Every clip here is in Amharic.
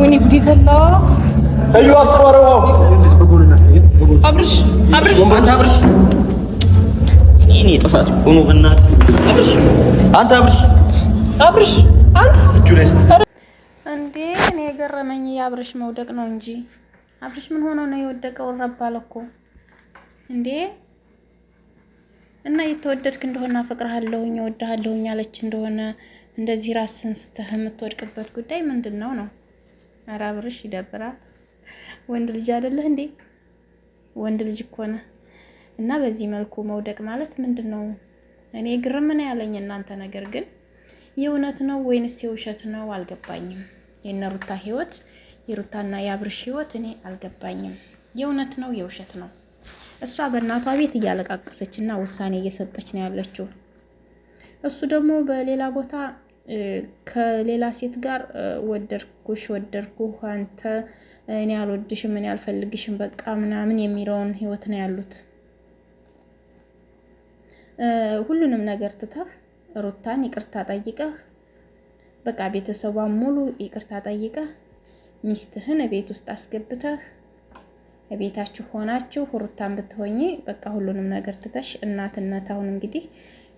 ወይኔ ጉዴ ፈላ። እዩ አብርሽ እንዴ! እኔ የገረመኝ የአብርሽ መውደቅ ነው እንጂ አብርሽ ምን ሆኖ ነው የወደቀው? ረባል እኮ እንዴ! እና የተወደድክ እንደሆነ አፈቅርሃለሁኝ እወድሃለሁኝ አለች እንደሆነ እንደዚህ ራስን ስተህ የምትወድቅበት ጉዳይ ምንድን ነው ነው ኧረ አብርሽ ይደብራል። ወንድ ልጅ አይደለህ እንዴ? ወንድ ልጅ እኮ ነህ። እና በዚህ መልኩ መውደቅ ማለት ምንድን ነው? እኔ ግርም ነው ያለኝ እናንተ ነገር ግን የእውነት ነው ወይንስ የውሸት ነው አልገባኝም። የነ ሩታ ህይወት የሩታና የአብርሽ ህይወት እኔ አልገባኝም። የእውነት ነው የውሸት ነው? እሷ በእናቷ ቤት እያለቃቀሰች እና ውሳኔ እየሰጠች ነው ያለችው። እሱ ደግሞ በሌላ ቦታ ከሌላ ሴት ጋር ወደድኩሽ ወደድኩ አንተ እኔ አልወድሽም እኔ አልፈልግሽም በቃ ምናምን የሚለውን ህይወት ነው ያሉት። ሁሉንም ነገር ትተህ ሩታን ይቅርታ ጠይቀህ በቃ ቤተሰቧን ሙሉ ይቅርታ ጠይቀህ ሚስትህን ቤት ውስጥ አስገብተህ ቤታችሁ ሆናችሁ ሩታን ብትሆኚ በቃ ሁሉንም ነገር ትተሽ እናትነት አሁን እንግዲህ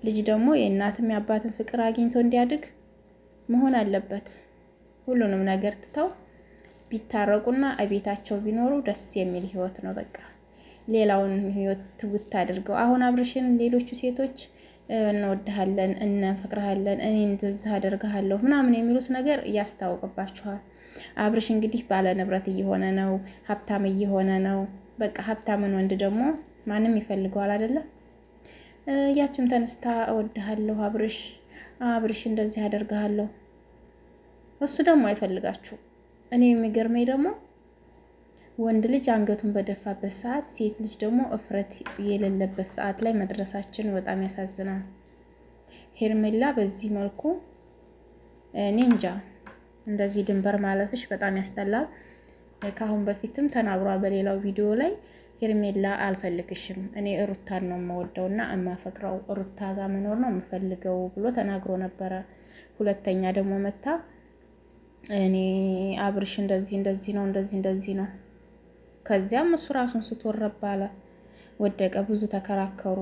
ልጅ ደግሞ የእናትም የአባትን ፍቅር አግኝቶ እንዲያድግ መሆን አለበት። ሁሉንም ነገር ትተው ቢታረቁና እቤታቸው ቢኖሩ ደስ የሚል ህይወት ነው። በቃ ሌላውን ህይወት ትውት አድርገው አሁን አብርሽን ሌሎቹ ሴቶች እንወድሃለን፣ እንፈቅርሃለን፣ እኔ እንደዚህ አደርግሃለሁ ምናምን የሚሉት ነገር ያስታውቅባችኋል። አብርሽ እንግዲህ ባለ ንብረት እየሆነ ነው፣ ሀብታም እየሆነ ነው። በቃ ሀብታምን ወንድ ደግሞ ማንም ይፈልገዋል አይደለም። እያችም ተነስታ እወድሃለሁ አብርሽ፣ አብርሽ እንደዚህ አደርግሃለሁ እሱ ደግሞ አይፈልጋችሁ። እኔ የሚገርመኝ ደግሞ ወንድ ልጅ አንገቱን በደፋበት ሰዓት፣ ሴት ልጅ ደግሞ እፍረት የሌለበት ሰዓት ላይ መድረሳችን በጣም ያሳዝናል። ሄርሜላ በዚህ መልኩ እኔ እንጃ፣ እንደዚህ ድንበር ማለፍሽ በጣም ያስጠላል። ከአሁን በፊትም ተናግሯ በሌላው ቪዲዮ ላይ ሄርሜላ አልፈልግሽም፣ እኔ እሩታን ነው የምወደው እና የማፈቅረው እሩታ ጋር መኖር ነው የምፈልገው ብሎ ተናግሮ ነበረ። ሁለተኛ ደግሞ መታ እኔ አብርሽ እንደዚህ እንደዚህ ነው እንደዚህ እንደዚህ ነው። ከዚያም እሱ ራሱን ስትወረባለ ወደቀ። ብዙ ተከራከሩ።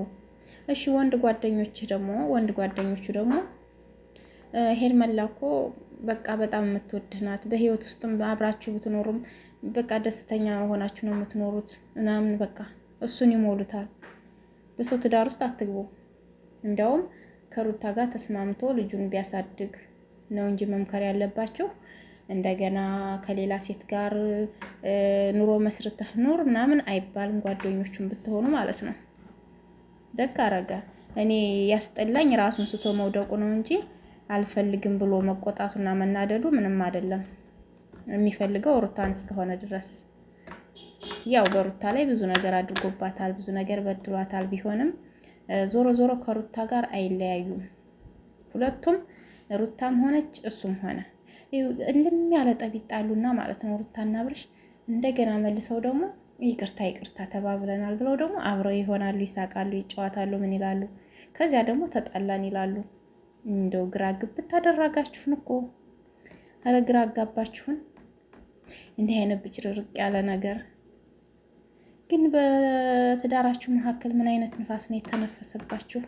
እሺ ወንድ ጓደኞች ደግሞ ወንድ ጓደኞቹ ደግሞ ሄርሜላ እኮ በቃ በጣም የምትወድህ ናት። በህይወት ውስጥም አብራችሁ ብትኖሩም በቃ ደስተኛ ሆናችሁ ነው የምትኖሩት ምናምን በቃ እሱን ይሞሉታል። በሰው ትዳር ውስጥ አትግቡ። እንዲያውም ከሩታ ጋር ተስማምቶ ልጁን ቢያሳድግ ነው እንጂ መምከር ያለባችሁ። እንደገና ከሌላ ሴት ጋር ኑሮ መስርተህ ኑር ምናምን አይባልም፣ ጓደኞቹን ብትሆኑ ማለት ነው። ደግ አረገ። እኔ ያስጠላኝ ራሱን ስቶ መውደቁ ነው እንጂ አልፈልግም ብሎ መቆጣቱና መናደዱ ምንም አይደለም። የሚፈልገው ሩታን እስከሆነ ድረስ ያው በሩታ ላይ ብዙ ነገር አድርጎባታል፣ ብዙ ነገር በድሏታል። ቢሆንም ዞሮ ዞሮ ከሩታ ጋር አይለያዩም ሁለቱም ሩታም ሆነች እሱም ሆነ እልም ያለ ጠብ ይጣሉና ማለት ነው ሩታና ብርሽ እንደገና መልሰው ደግሞ ይቅርታ ይቅርታ ተባብለናል ብለው ደግሞ አብረው ይሆናሉ፣ ይሳቃሉ፣ ይጫወታሉ፣ ምን ይላሉ። ከዚያ ደግሞ ተጣላን ይላሉ። እንደው ግራ ግብት አደረጋችሁን እኮ አረ ግራ አጋባችሁን። እንዲህ አይነት ብጭርርቅ ያለ ነገር ግን በትዳራችሁ መካከል ምን አይነት ንፋስ ነው የተነፈሰባችሁ?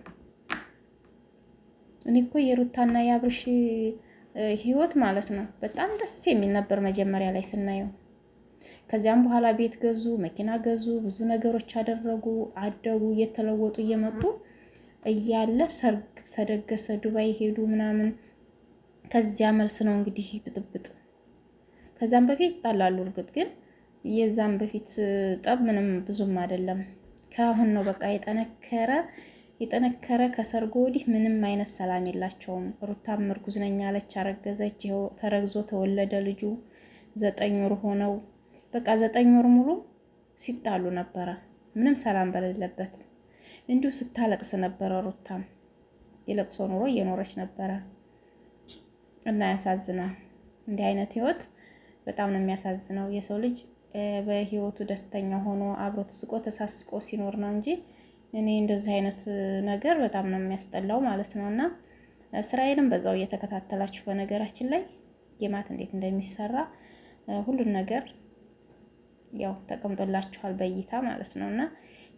እኔ እኮ የሩታና የአብርሽ ህይወት ማለት ነው በጣም ደስ የሚል ነበር መጀመሪያ ላይ ስናየው። ከዚያም በኋላ ቤት ገዙ፣ መኪና ገዙ፣ ብዙ ነገሮች አደረጉ፣ አደጉ፣ እየተለወጡ እየመጡ እያለ ሰርግ ተደገሰ፣ ዱባይ ሄዱ ምናምን። ከዚያ መልስ ነው እንግዲህ ብጥብጥ። ከዛም በፊት ይጣላሉ እርግጥ ግን የዛም በፊት ጠብ ምንም ብዙም አይደለም። ከአሁን ነው በቃ የጠነከረ የጠነከረ ከሰርጎ ወዲህ ምንም አይነት ሰላም የላቸውም። ሩታም እርጉዝ ነኝ አለች፣ አረገዘች። ይኸው ተረግዞ ተወለደ ልጁ። ዘጠኝ ወር ሆነው በቃ ዘጠኝ ወር ሙሉ ሲጣሉ ነበረ፣ ምንም ሰላም በሌለበት እንዲሁ ስታለቅስ ነበረ። ሩታም የለቅሶ ኑሮ እየኖረች ነበረ እና ያሳዝናል። እንዲህ አይነት ህይወት በጣም ነው የሚያሳዝነው። የሰው ልጅ በህይወቱ ደስተኛ ሆኖ አብሮ ተስቆ ተሳስቆ ሲኖር ነው እንጂ እኔ እንደዚህ አይነት ነገር በጣም ነው የሚያስጠላው ማለት ነው። እና ስራዬንም በዛው እየተከታተላችሁ በነገራችን ላይ ጌማት እንዴት እንደሚሰራ ሁሉን ነገር ያው ተቀምጦላችኋል በእይታ ማለት ነው። እና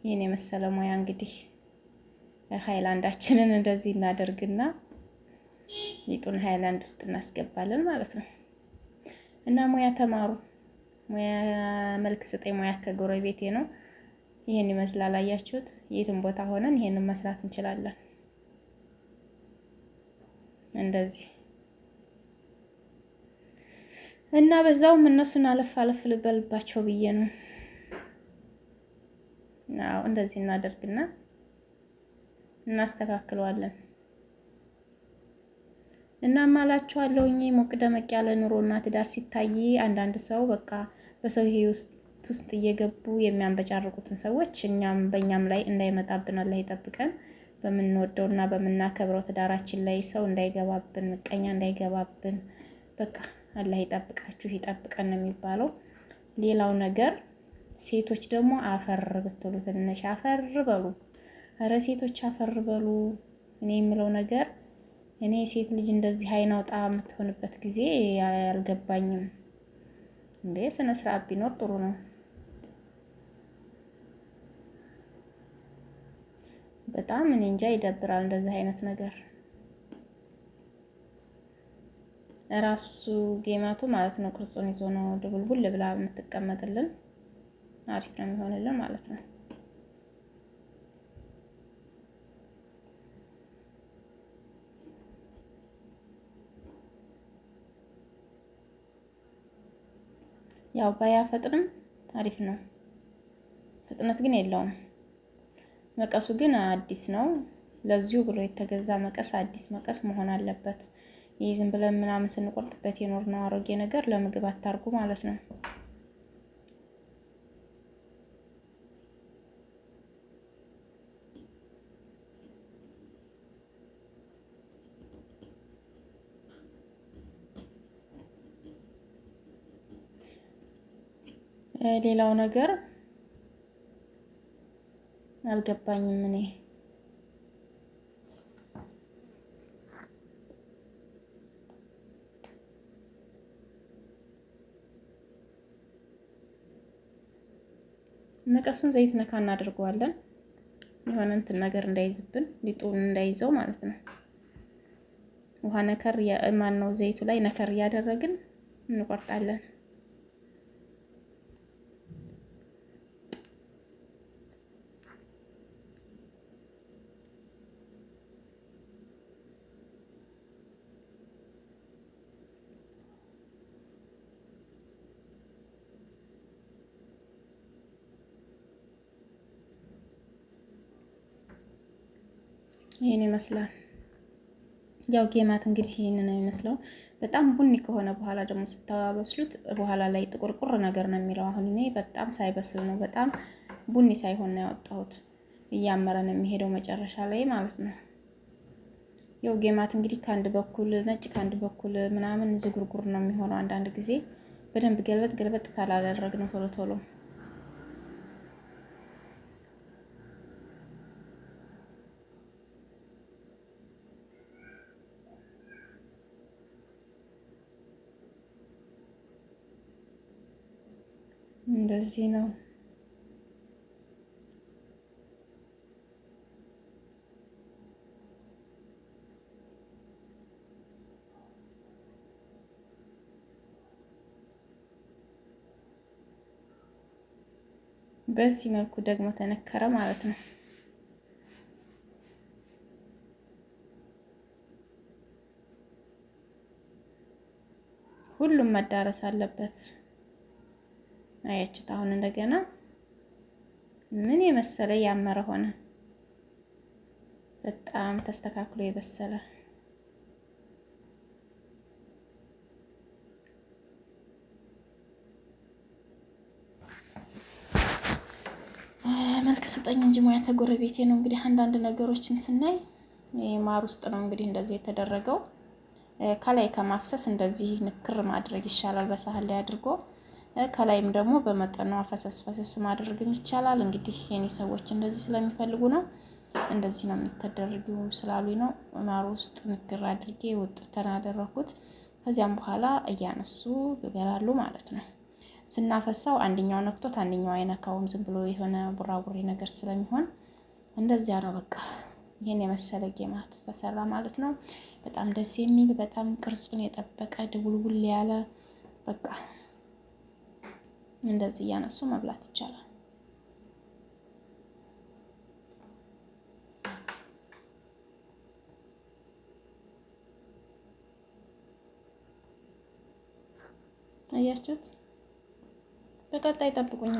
ይህን የመሰለ ሙያ እንግዲህ ሀይላንዳችንን እንደዚህ እናደርግና ሊጡን ሀይላንድ ውስጥ እናስገባለን ማለት ነው። እና ሙያ ተማሩ። ሙያ መልክ ስጤ ሙያ ከጎረቤቴ ነው ይህን ይመስላል። አያችሁት? የትም ቦታ ሆነን ይሄንን መስራት እንችላለን። እንደዚህ እና በዛውም እነሱን አለፍ አለፍ ልበልባቸው ብዬ ነው። አዎ እንደዚህ እናደርግና እናስተካክለዋለን። እናም አላችኋለሁ ሞቅ ደመቅ ያለ ኑሮና ትዳር ሲታይ አንዳንድ ሰው በቃ በሰው ይሄ ውስጥ ውስጥ እየገቡ የሚያንበጫርቁትን ሰዎች እኛም በእኛም ላይ እንዳይመጣብን አላህ ይጠብቀን። በምንወደው እና በምናከብረው ትዳራችን ላይ ሰው እንዳይገባብን፣ ምቀኛ እንዳይገባብን፣ በቃ አላህ ይጠብቃችሁ ይጠብቀን ነው የሚባለው። ሌላው ነገር ሴቶች ደግሞ አፈር ብትሉ ትንሽ አፈር በሉ። እረ ሴቶች አፈር በሉ። እኔ የምለው ነገር እኔ ሴት ልጅ እንደዚህ አይን የምትሆንበት ጊዜ አልገባኝም። እንዴ ስነ ስርዓት ቢኖር ጥሩ ነው። በጣም እኔ እንጃ ይደብራል። እንደዚህ አይነት ነገር ራሱ ጌማቱ ማለት ነው ቅርጹን ይዞ ነው ድቡልቡል ብላ የምትቀመጥልን። አሪፍ ነው የሚሆንልን ማለት ነው። ያው ባያፈጥንም አሪፍ ነው። ፍጥነት ግን የለውም። መቀሱ ግን አዲስ ነው። ለዚሁ ብሎ የተገዛ መቀስ አዲስ መቀስ መሆን አለበት። ይህ ዝም ብለን ምናምን ስንቆርጥበት የኖር ነው አሮጌ ነገር ለምግብ አታርጉ ማለት ነው። ሌላው ነገር አልገባኝም እኔ መቀሱን ዘይት ነካ እናደርገዋለን። የሆነ እንትን ነገር እንዳይዝብን ሊጡን እንዳይዘው ማለት ነው። ውሃ ነከር ማን ነው ዘይቱ ላይ ነከር እያደረግን እንቆርጣለን። ይህን ይመስላል። ያው ጌማት እንግዲህ ይህንን ነው ይመስለው። በጣም ቡኒ ከሆነ በኋላ ደግሞ ስታበስሉት በኋላ ላይ ጥቁርቁር ነገር ነው የሚለው። አሁን እኔ በጣም ሳይበስል ነው በጣም ቡኒ ሳይሆን ነው ያወጣሁት። እያመረ ነው የሚሄደው መጨረሻ ላይ ማለት ነው። ያው ጌማት እንግዲህ ከአንድ በኩል ነጭ ከአንድ በኩል ምናምን ዝጉርጉር ነው የሚሆነው። አንዳንድ ጊዜ በደንብ ገልበጥ ገልበጥ ነው ቶሎ ቶሎ እንደዚህ ነው። በዚህ መልኩ ደግሞ ተነከረ ማለት ነው። ሁሉም መዳረስ አለበት። አያችሁት? አሁን እንደገና ምን የመሰለ ያመረ ሆነ። በጣም ተስተካክሎ የበሰለ መልክ ስጠኝ እንጂ ሙያ ተጎረቤቴ ነው። እንግዲህ አንዳንድ ነገሮችን ስናይ ማር ውስጥ ነው እንግዲህ እንደዚህ የተደረገው። ከላይ ከማፍሰስ እንደዚህ ንክር ማድረግ ይሻላል። በሳህን ላይ አድርጎ ከላይም ደግሞ በመጠኗ ፈሰስ ፈሰስ ማድረግም ይቻላል። እንግዲህ የኔ ሰዎች እንደዚህ ስለሚፈልጉ ነው እንደዚህ ነው የምታደርጊው ስላሉኝ ነው ማር ውስጥ ንግር አድርጌ ውጥ ተናደረኩት። ከዚያም በኋላ እያነሱ ይበላሉ ማለት ነው። ስናፈሳው አንደኛው ነክቶት አንደኛው አይነካውም። ዝም ብሎ የሆነ ቡራቡሬ ነገር ስለሚሆን እንደዚያ ነው በቃ። ይህን የመሰለ ጌማት ተሰራ ማለት ነው። በጣም ደስ የሚል በጣም ቅርጹን የጠበቀ ድውልውል ያለ በቃ እንደዚህ እያነሱ መብላት ይቻላል። አያችሁት? በቀጣይ ጠብቁኝ።